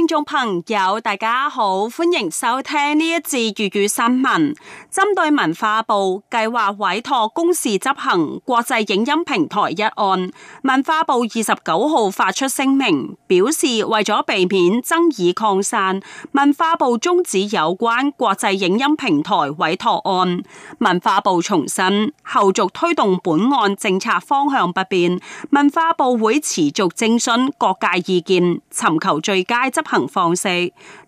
聽眾朋友，大家好，歡迎收聽呢一次粵語新聞。針對文化部計劃委託公視執行國際影音平台一案，文化部二十九號發出聲明，表示為咗避免爭議擴散，文化部終止有關國際影音平台委託案。文化部重申，後續推動本案政策方向不變，文化部會持續徵詢各界意見，尋求最佳執行放肆，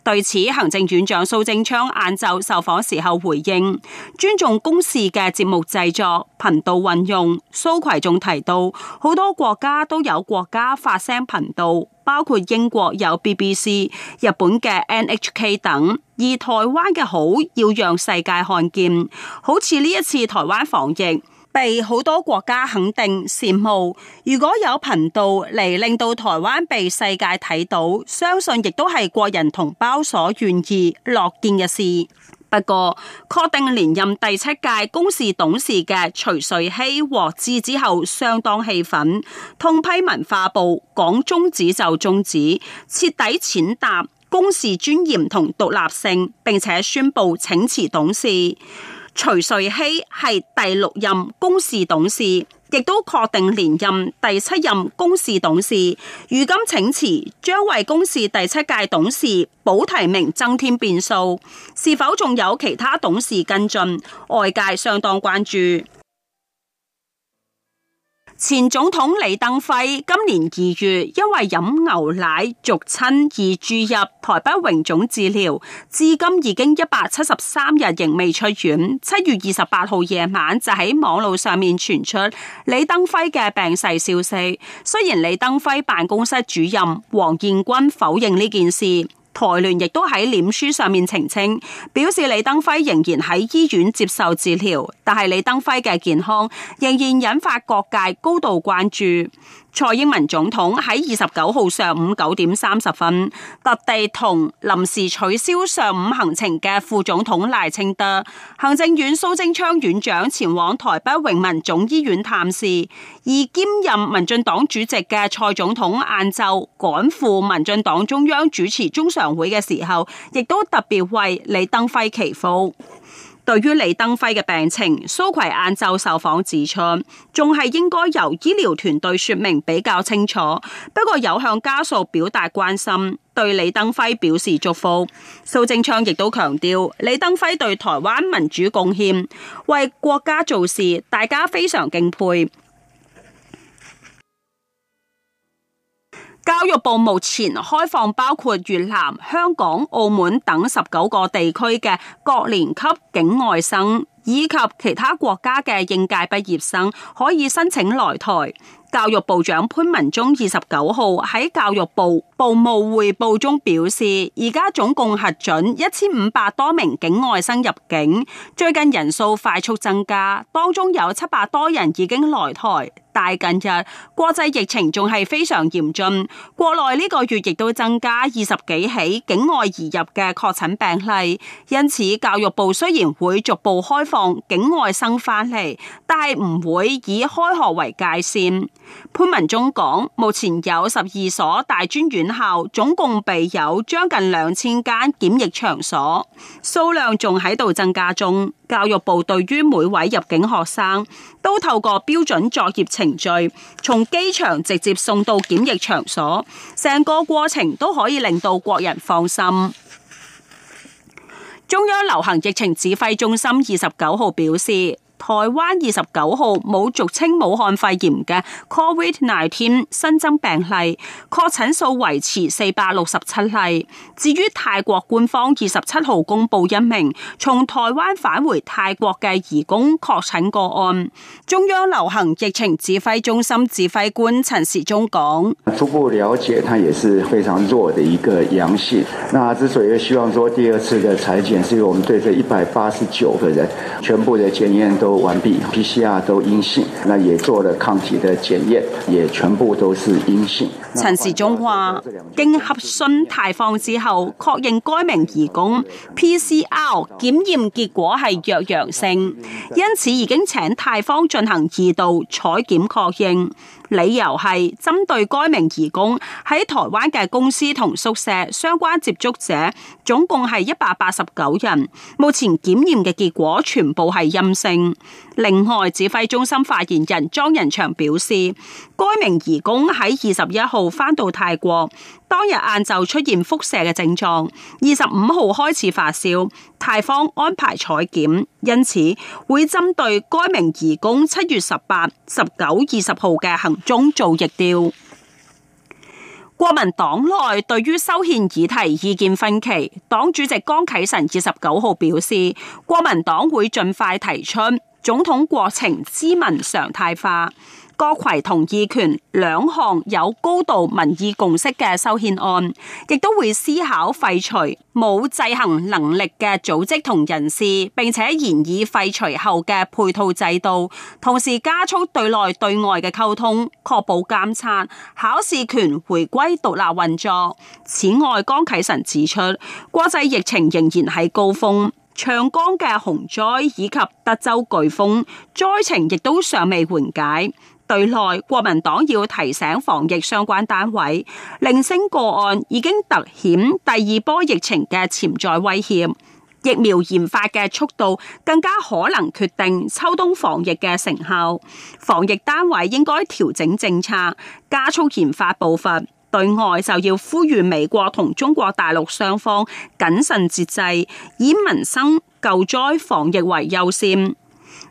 對此行政院長蘇貞昌晏晝受訪時候回應，尊重公視嘅節目製作頻道運用。蘇揆仲提到，好多國家都有國家發聲頻道，包括英國有 BBC、日本嘅 NHK 等，而台灣嘅好要讓世界看見好似呢一次台灣防疫。被好多國家肯定羨慕，如果有頻道嚟令到台灣被世界睇到，相信亦都係國人同胞所願意樂見嘅事。不過，確定連任第七屆公視董事嘅徐瑞希獲知之後相當氣憤，痛批文化部講終止就終止，徹底踐踏公視尊嚴同獨立性，並且宣布請辭董事。徐瑞希係第六任公視董事，亦都確定連任第七任公視董事。如今請辭，將為公視第七屆董事補提名增添變數。是否仲有其他董事跟進？外界相當關注。前總統李登輝今年二月因為飲牛奶嗆親而注入台北榮總治療，至今已經一百七十三日仍未出院。七月二十八號夜晚就喺網路上面傳出李登輝嘅病逝消息，雖然李登輝辦公室主任王燕軍否認呢件事。台聯亦都喺臉書上面澄清，表示李登輝仍然喺醫院接受治療，但係李登輝嘅健康仍然引發各界高度關注。蔡英文總統喺二十九號上午九點三十分，特地同臨時取消上午行程嘅副總統賴清德、行政院蘇貞昌院長前往台北榮民總醫院探視，而兼任民進黨主席嘅蔡總統，晏晝趕赴民進黨中央主持中常會嘅時候，亦都特別為李登輝祈福。對於李登輝嘅病情，蘇揆晏晝受訪指出，仲係應該由醫療團隊說明比較清楚。不過有向家屬表達關心，對李登輝表示祝福。蘇貞昌亦都強調，李登輝對台灣民主貢獻，為國家做事，大家非常敬佩。教育部目前開放包括越南、香港、澳門等十九個地區嘅各年級境外生，以及其他國家嘅應屆畢業生，可以申請來台。教育部長潘文忠二十九號喺教育部部務匯報中表示，而家總共核准一千五百多名境外生入境，最近人數快速增加，當中有七百多人已經來台。但近日國際疫情仲係非常嚴峻，國內呢個月亦都增加二十幾起境外移入嘅確診病例，因此教育部雖然會逐步開放境外生返嚟，但係唔會以開學為界線。潘文忠講：目前有十二所大專院校，總共備有將近兩千間檢疫場所，數量仲喺度增加中。教育部對於每位入境學生，都透過標準作業程序，從機場直接送到檢疫場所，成個過程都可以令到國人放心。中央流行疫情指揮中心二十九號表示。台灣二十九號冇俗稱武漢肺炎嘅 Covid nineteen 新增病例，確診數維持四百六十七例。至於泰國官方二十七號公布一名從台灣返回泰國嘅移工確診個案，中央流行疫情指揮中心指揮官陳時中講：初步了解，他也是非常弱的一個陽性。那之所以希望說第二次嘅採檢，是因為我們對這一百八十九個人全部嘅檢驗都完畢，PCR 都陰性，那也做了抗體的檢驗，也全部都是陰性。陳時中話，經合信泰方之後，確認該名移工 PCR 檢驗結果係弱陽性，因此已經請泰方進行二度採檢確認。理由係針對該名移工喺台灣嘅公司同宿舍相關接觸者，總共係一百八十九人，目前檢驗嘅結果全部係陰性。另外，指揮中心發言人莊仁祥表示，該名移工喺二十一號返到泰國。當日晏晝出現腹瀉嘅症狀，二十五號開始發燒，泰方安排採檢，因此會針對該名移工七月十八、十九、二十號嘅行蹤做疫調。國民黨內對於修憲議題意見分歧，黨主席江啟臣二十九號表示，國民黨會盡快提出。總統國情諮文常態化、閣揆同意權兩項有高度民意共識嘅修憲案，亦都會思考廢除冇制衡能力嘅組織同人士，並且研議廢除後嘅配套制度，同時加速對內對外嘅溝通，確保監察考試權回歸獨立運作。此外，江啟臣指出，國際疫情仍然喺高峰。長江嘅洪災以及德州颶風災情亦都尚未緩解。對內，國民黨要提醒防疫相關單位，零星個案已經凸顯第二波疫情嘅潛在威脅。疫苗研發嘅速度更加可能決定秋冬防疫嘅成效。防疫單位應該調整政策，加速研發步伐。對外就要呼籲美國同中國大陸雙方謹慎節制，以民生救災防疫為優先。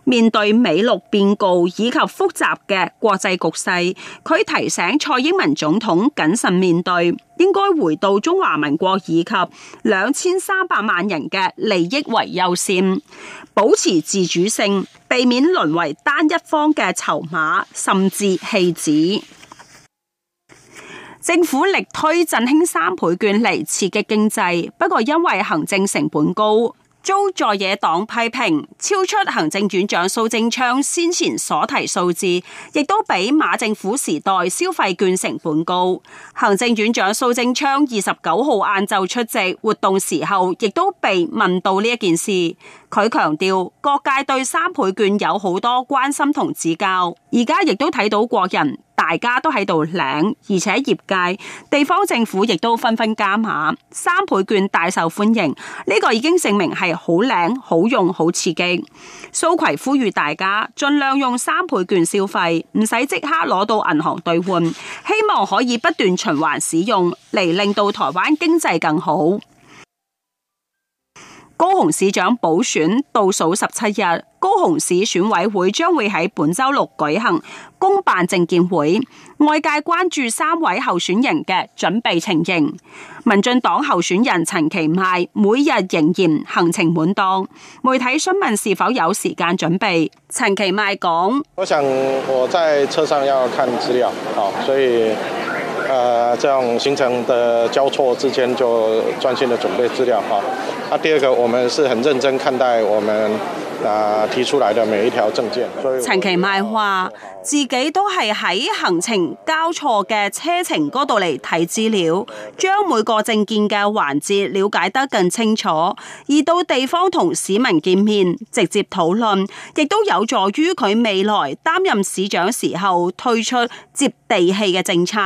面對美陸變故以及複雜嘅國際局勢，佢提醒蔡英文總統謹慎面對，應該回到中華民國以及兩千三百萬人嘅利益為優先，保持自主性，避免淪為單一方嘅籌碼甚至棄子。政府力推振，振興三倍券嚟刺激經濟，不過因為行政成本高，遭在野黨批評超出行政院長蘇貞昌先前所提數字，亦都比馬政府時代消費券成本高。行政院長蘇貞昌二十九號晏晝出席活動時候，亦都被問到呢一件事。佢強調各界對三倍券有好多關心同指教，而家亦都睇到國人大家都喺度領，而且業界、地方政府亦都紛紛加碼，三倍券大受歡迎。呢、這個已經證明係好領、好用、好刺激。蘇揆呼籲大家盡量用三倍券消費，唔使即刻攞到銀行兌換，希望可以不斷循環使用嚟令到台灣經濟更好。高雄市長補選倒數十七日，高雄市選委會將會喺本周六舉行公辦政見會，外界關注三位候選人嘅準備情形。民進黨候選人陳其邁每日仍然行程滿檔，媒體詢問是否有時間準備，陳其邁講：我想我在車上要看資料，好，所以。啊，這樣行程的交錯之間就專心的準備資料哈。那、啊、第二個，我們是很認真看待我們啊提出來的每一條政見。所以陳其邁話自己都係喺行程交錯嘅車程嗰度嚟睇資料，將每個政見嘅環節了解得更清楚，而到地方同市民見面直接討論，亦都有助於佢未來擔任市長時候推出接地氣嘅政策。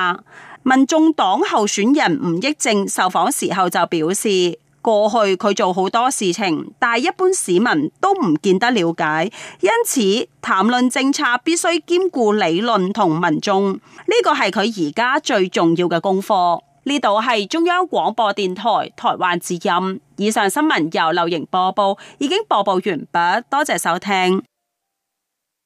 民眾黨候選人吳益政受訪時候就表示，過去佢做好多事情，但係一般市民都唔見得了解，因此談論政策必須兼顧理論同民眾，呢個係佢而家最重要嘅功課。呢度係中央廣播電台台灣之音，以上新聞由劉瑩播報，已經播報完畢，多謝收聽。